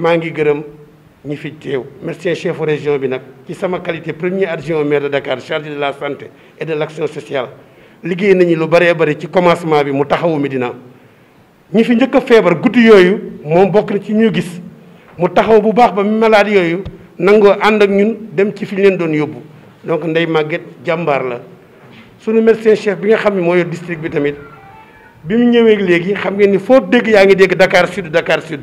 maa ngi gërëm ñi fi teew médecin chef région bi nag ci sama qualité premier adjoint maire de Dakar chargé de la santé et de l' action sociale liggéey nañu lu bëree bëri ci commencement bi mu taxawu Médina ñi fi njëkk a feebar guddi yooyu moom bokk na ci ñu gis mu taxaw bu baax ba mu malade yooyu nangoo ànd ak ñun dem ci fi ñu leen doon yóbbu donc ndey màgget jàmbaar la sunu médecin chef bi nga xam ne moo yor district bi tamit bi mu ñëwee léegi xam ngeen ni foo dégg yaa ngi dégg Dakar Sud Dakar Sud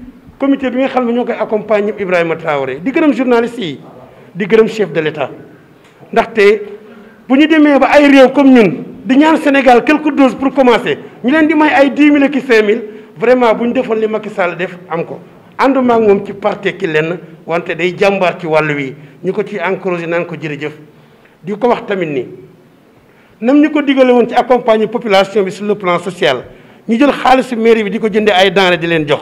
comité bi nga xam ne ñoo koy accompagner Ibrahima Traoré di gërëm journaliste yi di gërëm chef de l'État ndaxte bu ñu demee ba ay réew comme ñun di ñaan Sénégal quelques doses pour commencer ñu leen di may ay dix mille ak cinq mille vraiment bu ñu defoon li Macky Sall def am ko ànduma ak moom ci parti ki lenn wante day jàmbaar ci wàll wi ñu ko ci encouragé naan ko jërëjëf di ko wax tamit ni nam ñu ko digale woon ci accompagner population bi sur le plan social ñu jël xaalisu mairie bi di ko jëndee ay denrées di leen jox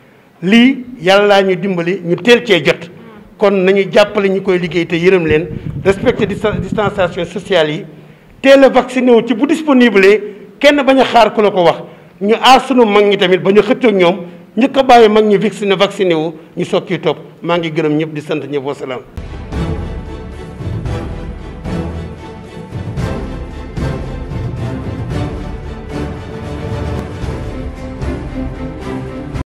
lii yàlla laa ñu dimbali ñu teel cee jot kon nañu jàppale ñu koy liggéey te yërëm leen respecter distanciation sociale yi teel a ci bu disponible kenn bañ a xaar ku la ko wax ñu aar sunu mag ñi tamit ba ñu xëccoog ñoom ñëkk a bàyyi mag ñi vacciné vacciné wu ñu soog ciy topp maa ngi gërëm ñëpp di sant ñëpp wasalaam